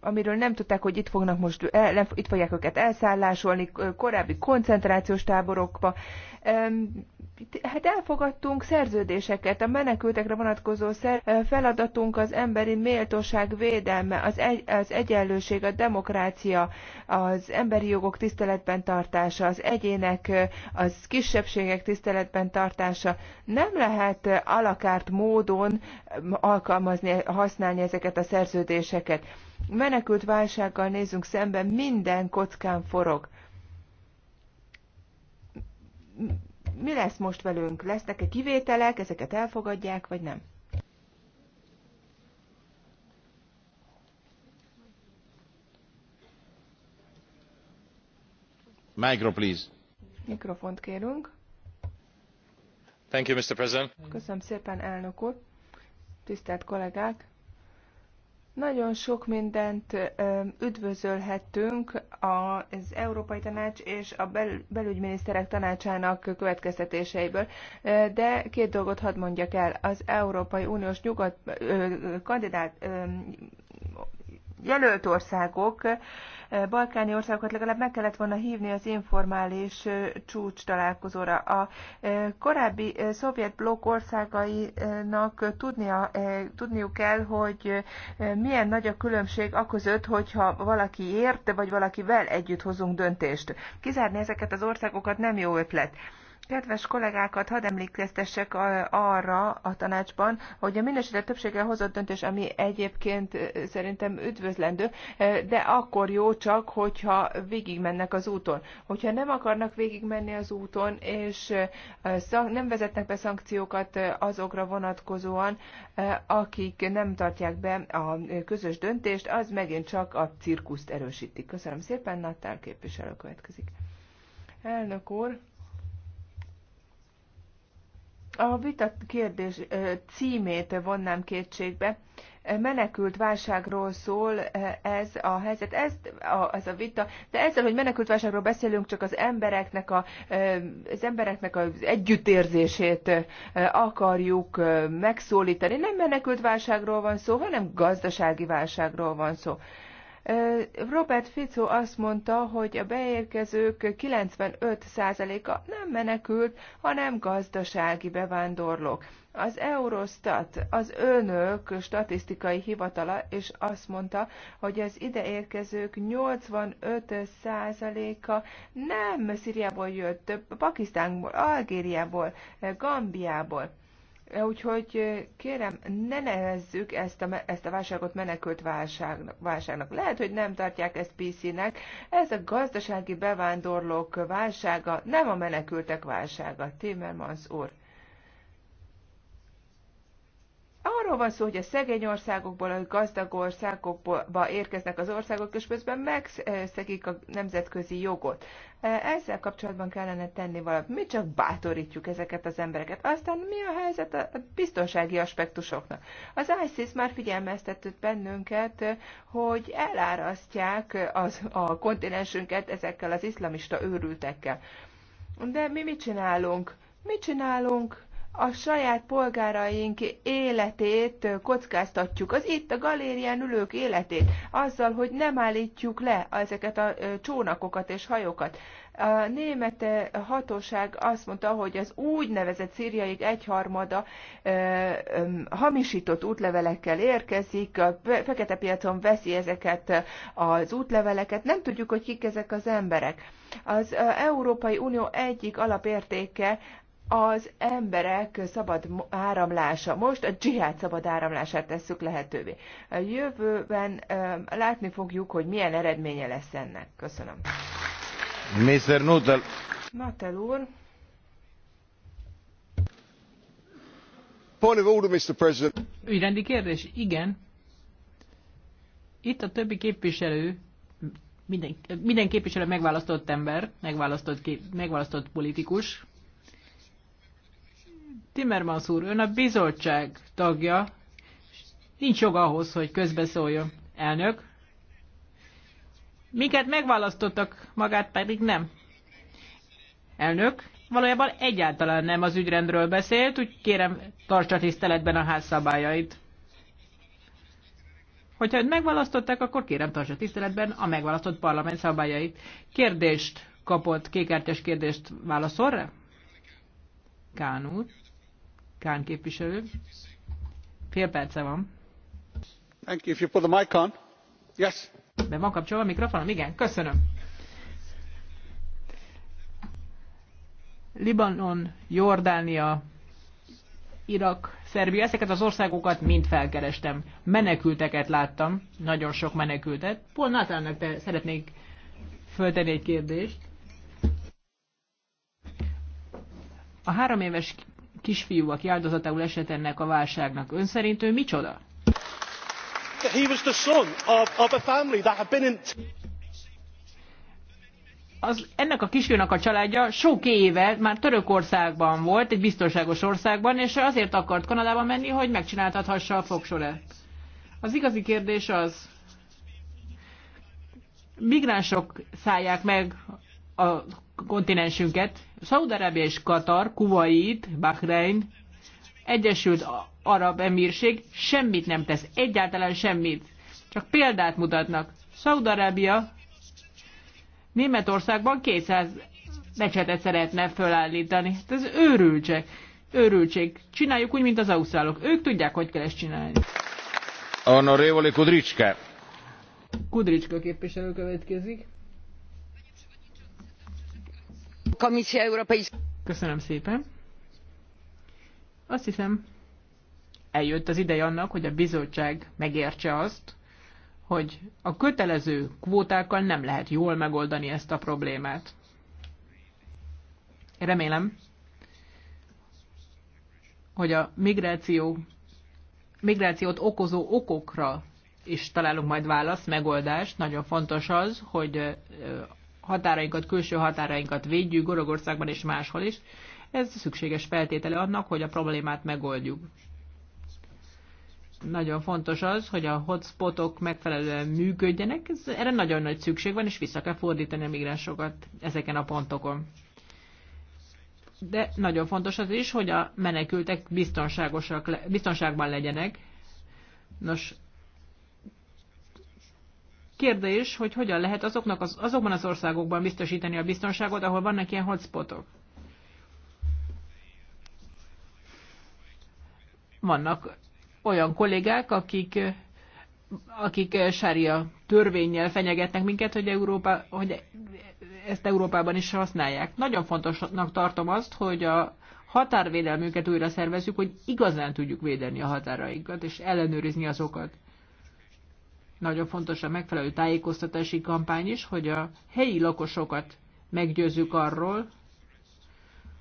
D: amiről nem tudták, hogy itt, fognak most, el, itt fogják őket elszállásolni, korábbi koncentrációs táborokba. Hát elfogadtunk szerződéseket, a menekültekre vonatkozó szer, feladatunk az emberi méltóság védelme, az, egy, az egyenlőség, a demokrácia, az emberi jogok tiszteletben tartása, az egyének, az kisebbségek tiszteletben tartása. Nem lehet alakárt módon alkalmazni, használni ezeket a szerződéseket menekült válsággal nézünk szemben, minden kockán forog. Mi lesz most velünk? Lesznek-e kivételek, ezeket elfogadják, vagy nem?
B: Micro, please.
D: Mikrofont kérünk.
B: Thank you, Mr. President.
D: Köszönöm szépen, elnök úr. Tisztelt kollégák! Nagyon sok mindent üdvözölhettünk az Európai Tanács és a bel- belügyminiszterek tanácsának következtetéseiből, de két dolgot hadd mondjak el. Az Európai Uniós nyugat kandidát jelölt országok balkáni országokat legalább meg kellett volna hívni az informális csúcs találkozóra. A korábbi szovjet blokk országainak tudnia, tudniuk kell, hogy milyen nagy a különbség aközött, hogyha valaki ért, vagy valakivel együtt hozunk döntést. Kizárni ezeket az országokat nem jó ötlet. Kedves kollégákat, hadd emlékeztessek arra a tanácsban, hogy a minősített többséggel hozott döntés, ami egyébként szerintem üdvözlendő, de akkor jó csak, hogyha végigmennek az úton. Hogyha nem akarnak végigmenni az úton, és nem vezetnek be szankciókat azokra vonatkozóan, akik nem tartják be a közös döntést, az megint csak a cirkuszt erősíti. Köszönöm szépen, Nattár képviselő következik. Elnök úr! A vita kérdés címét vonnám kétségbe. Menekült válságról szól ez a helyzet, ez a, ez a vita, de ezzel, hogy menekült válságról beszélünk, csak az embereknek, a, az embereknek az együttérzését akarjuk megszólítani. Nem menekült válságról van szó, hanem gazdasági válságról van szó. Robert Fico azt mondta, hogy a beérkezők 95%-a nem menekült, hanem gazdasági bevándorlók. Az Eurostat, az önök statisztikai hivatala, és azt mondta, hogy az ideérkezők 85%-a nem Szíriából jött, Pakisztánból, Algériából, Gambiából. Úgyhogy kérem, ne nevezzük ezt a, ezt a válságot menekült válságnak, válságnak. Lehet, hogy nem tartják ezt PC-nek. Ez a gazdasági bevándorlók válsága, nem a menekültek válsága. Timmermans úr arról van szó, hogy a szegény országokból, a gazdag országokba érkeznek az országok, és közben megszegik a nemzetközi jogot. E, ezzel kapcsolatban kellene tenni valamit. Mi csak bátorítjuk ezeket az embereket. Aztán mi a helyzet a biztonsági aspektusoknak? Az ISIS már figyelmeztetett bennünket, hogy elárasztják az, a kontinensünket ezekkel az iszlamista őrültekkel. De mi mit csinálunk? Mit csinálunk? a saját polgáraink életét kockáztatjuk, az itt a galérián ülők életét, azzal, hogy nem állítjuk le ezeket a csónakokat és hajókat. A német hatóság azt mondta, hogy az úgynevezett szíriaik egyharmada ö, ö, hamisított útlevelekkel érkezik, a fekete piacon veszi ezeket az útleveleket, nem tudjuk, hogy kik ezek az emberek. Az Európai Unió egyik alapértéke az emberek szabad áramlása. Most a dzsihád szabad áramlását tesszük lehetővé. A jövőben látni fogjuk, hogy milyen eredménye lesz ennek. Köszönöm.
B: Mr. Nutel.
D: Nutel úr.
B: Point of order, Mr. President.
E: Ügyrendi kérdés? Igen. Itt a többi képviselő minden, minden képviselő megválasztott ember, megválasztott, kép, megválasztott politikus, Timmermans úr, ön a bizottság tagja, nincs joga ahhoz, hogy közbeszóljon. Elnök, minket megválasztottak, magát pedig nem. Elnök, valójában egyáltalán nem az ügyrendről beszélt, úgy kérem, tartsa tiszteletben a ház szabályait. Hogyha őt megválasztották, akkor kérem, tartsa tiszteletben a megválasztott parlament szabályait. Kérdést kapott, kékertes kérdést válaszol rá? Kánút. Kán képviselő. Fél perce van.
A: Thank you. If you put the mic on.
E: Yes. Be van kapcsolva a mikrofonom? Igen, köszönöm. Libanon, Jordánia, Irak, Szerbia, ezeket az országokat mind felkerestem. Menekülteket láttam, nagyon sok menekültet. Paul Natánnak te szeretnék föltenni egy kérdést. A három éves kisfiú, aki áldozatául esett ennek a válságnak. Ön szerint ő micsoda? Az, ennek a kisfiúnak a családja sok éve már Törökországban volt, egy biztonságos országban, és azért akart Kanadába menni, hogy megcsináltathassa a fogsorát. Az igazi kérdés az, migránsok szállják meg a kontinensünket. Szaudarábia és Katar, Kuwait, Bahrein, Egyesült Arab Emírség semmit nem tesz, egyáltalán semmit. Csak példát mutatnak. Szaudarábia Németországban 200 mecsetet szeretne fölállítani. Hát ez őrültség. Őrültség. Csináljuk úgy, mint az ausztrálok. Ők tudják, hogy kell ezt csinálni.
B: Honorévoli Kudricske.
E: Kudricska képviselő következik. Komisja Europejska. Köszönöm szépen. Azt hiszem, eljött az ideje annak, hogy a bizottság megértse azt, hogy a kötelező kvótákkal nem lehet jól megoldani ezt a problémát. Remélem, hogy a migráció, migrációt okozó okokra is találunk majd választ, megoldást. Nagyon fontos az, hogy határainkat, külső határainkat védjük Gorogországban és máshol is. Ez szükséges feltétele annak, hogy a problémát megoldjuk. Nagyon fontos az, hogy a hotspotok megfelelően működjenek, ez, erre nagyon nagy szükség van, és vissza kell fordítani a migránsokat ezeken a pontokon. De nagyon fontos az is, hogy a menekültek biztonságosak, biztonságban legyenek. Nos, Kérdés, hogy hogyan lehet azoknak az, azokban az országokban biztosítani a biztonságot, ahol vannak ilyen hotspotok. Vannak olyan kollégák, akik akik sária törvényel fenyegetnek minket, hogy, Európa, hogy ezt Európában is használják. Nagyon fontosnak tartom azt, hogy a határvédelmünket újra szervezzük, hogy igazán tudjuk védeni a határainkat, és ellenőrizni azokat. Nagyon fontos a megfelelő tájékoztatási kampány is, hogy a helyi lakosokat meggyőzzük arról,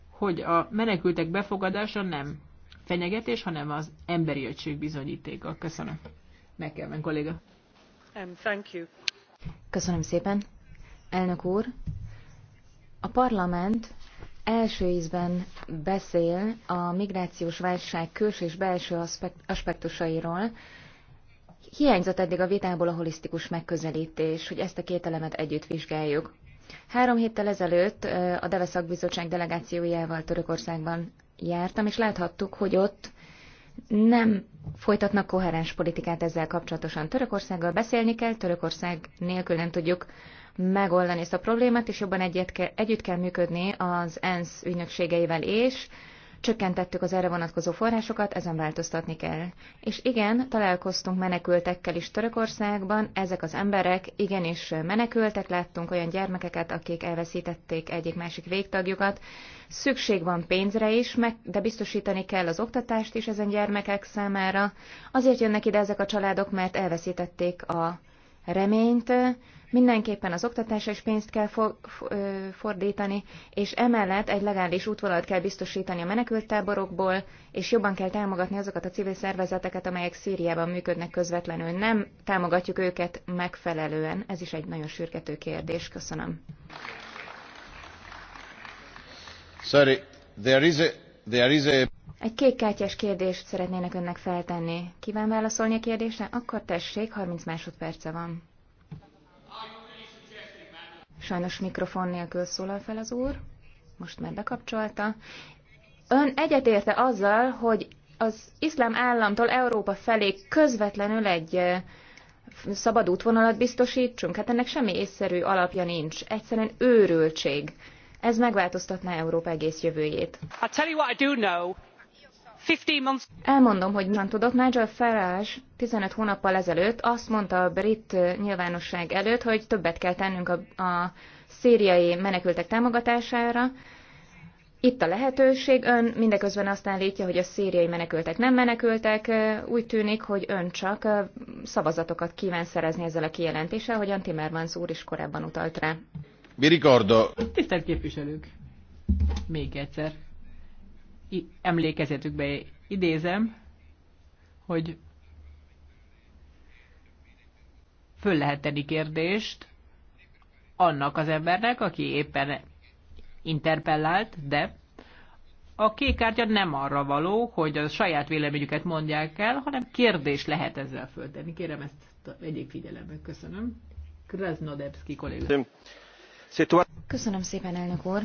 E: hogy a menekültek befogadása nem fenyegetés, hanem az emberi emberiesség
C: bizonyítéka. Köszönöm. Megkelven kolléga.
A: Um, thank you.
C: Köszönöm szépen. Elnök úr, a parlament első ízben beszél a migrációs válság külső és belső aspektusairól, Hiányzott eddig a vitából a holisztikus megközelítés, hogy ezt a két elemet együtt vizsgáljuk. Három héttel ezelőtt a Deve szakbizottság delegációjával Törökországban jártam, és láthattuk, hogy ott nem folytatnak koherens politikát ezzel kapcsolatosan. Törökországgal beszélni kell, Törökország nélkül nem tudjuk megoldani ezt a problémát, és jobban egyet együtt kell működni az ENSZ ügynökségeivel és Csökkentettük az erre vonatkozó forrásokat, ezen változtatni kell. És igen, találkoztunk menekültekkel is Törökországban, ezek az emberek igenis menekültek, láttunk olyan gyermekeket, akik elveszítették egyik-másik végtagjukat. Szükség van pénzre is, meg, de biztosítani kell az oktatást is ezen gyermekek számára. Azért jönnek ide ezek a családok, mert elveszítették a reményt, Mindenképpen az oktatásra is pénzt kell fo- fordítani, és emellett egy legális útvonalat kell biztosítani a menekülttáborokból, és jobban kell támogatni azokat a civil szervezeteket, amelyek Szíriában működnek közvetlenül. Nem támogatjuk őket megfelelően. Ez is egy nagyon sürgető kérdés. Köszönöm.
B: Sorry, there is a, there is a...
C: Egy kékkártyás kérdést szeretnének önnek feltenni. Kíván válaszolni a kérdésre? Akkor tessék, 30 másodperce van. Sajnos mikrofon nélkül szólal fel az úr, most már bekapcsolta. Ön egyetérte azzal, hogy az iszlám államtól Európa felé közvetlenül egy szabad útvonalat biztosítsunk? Hát ennek semmi észszerű alapja nincs. Egyszerűen őrültség. Ez megváltoztatná Európa egész jövőjét. Elmondom, hogy nem tudok. Nigel Farage 15 hónappal ezelőtt azt mondta a brit nyilvánosság előtt, hogy többet kell tennünk a, a szíriai menekültek támogatására. Itt a lehetőség, ön mindeközben azt állítja, hogy a szíriai menekültek nem menekültek, úgy tűnik, hogy ön csak szavazatokat kíván szerezni ezzel a kijelentéssel, hogy Timmermans úr is korábban utalt rá.
B: Mi
E: Tisztelt képviselők! Még egyszer emlékezetükbe idézem, hogy föl lehet tenni kérdést annak az embernek, aki éppen interpellált, de a kék kártya nem arra való, hogy a saját véleményüket mondják el, hanem kérdés lehet ezzel föltenni. Kérem ezt egyik figyelembe. Köszönöm. Krasnodebski kolléga.
C: Köszönöm szépen, elnök úr.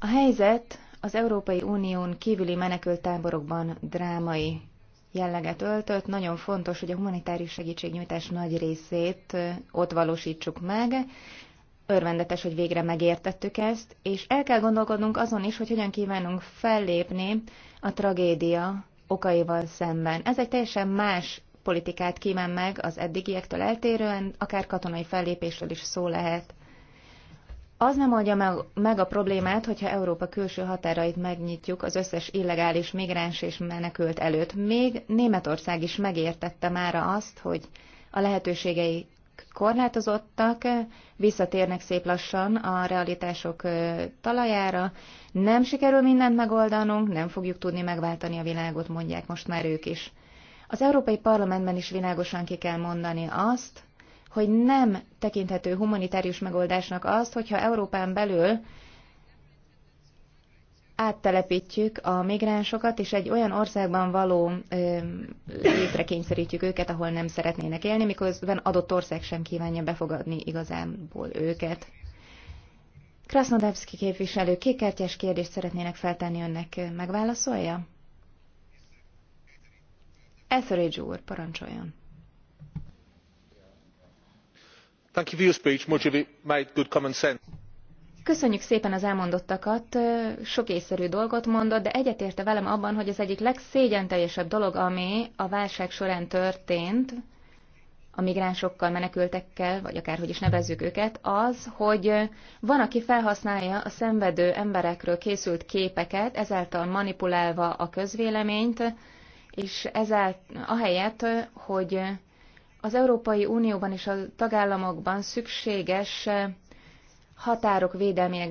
C: A helyzet az Európai Unión kívüli menekültáborokban drámai jelleget öltött. Nagyon fontos, hogy a humanitárius segítségnyújtás nagy részét ott valósítsuk meg. Örvendetes, hogy végre megértettük ezt, és el kell gondolkodnunk azon is, hogy hogyan kívánunk fellépni a tragédia okaival szemben. Ez egy teljesen más politikát kíván meg az eddigiektől eltérően, akár katonai fellépésről is szó lehet. Az nem oldja meg a problémát, hogyha Európa külső határait megnyitjuk az összes illegális migráns és menekült előtt. Még Németország is megértette mára azt, hogy a lehetőségei korlátozottak, visszatérnek szép lassan a realitások talajára. Nem sikerül mindent megoldanunk, nem fogjuk tudni megváltani a világot, mondják most már ők is. Az Európai Parlamentben is világosan ki kell mondani azt, hogy nem tekinthető humanitárius megoldásnak azt, hogyha Európán belül áttelepítjük a migránsokat, és egy olyan országban való ö, létre kényszerítjük őket, ahol nem szeretnének élni, miközben adott ország sem kívánja befogadni igazából őket. Krasnodebski képviselő, kékkártyás kérdést szeretnének feltenni önnek, megválaszolja? Etheridge úr, parancsoljon! Köszönjük szépen az elmondottakat, sok észszerű dolgot mondott, de egyetérte velem abban, hogy az egyik legszégyen dolog, ami a válság során történt, a migránsokkal, menekültekkel, vagy akárhogy is nevezzük őket, az, hogy van, aki felhasználja a szenvedő emberekről készült képeket, ezáltal manipulálva a közvéleményt, és ezáltal ahelyett, hogy az Európai Unióban és a tagállamokban szükséges eh, határok védelmének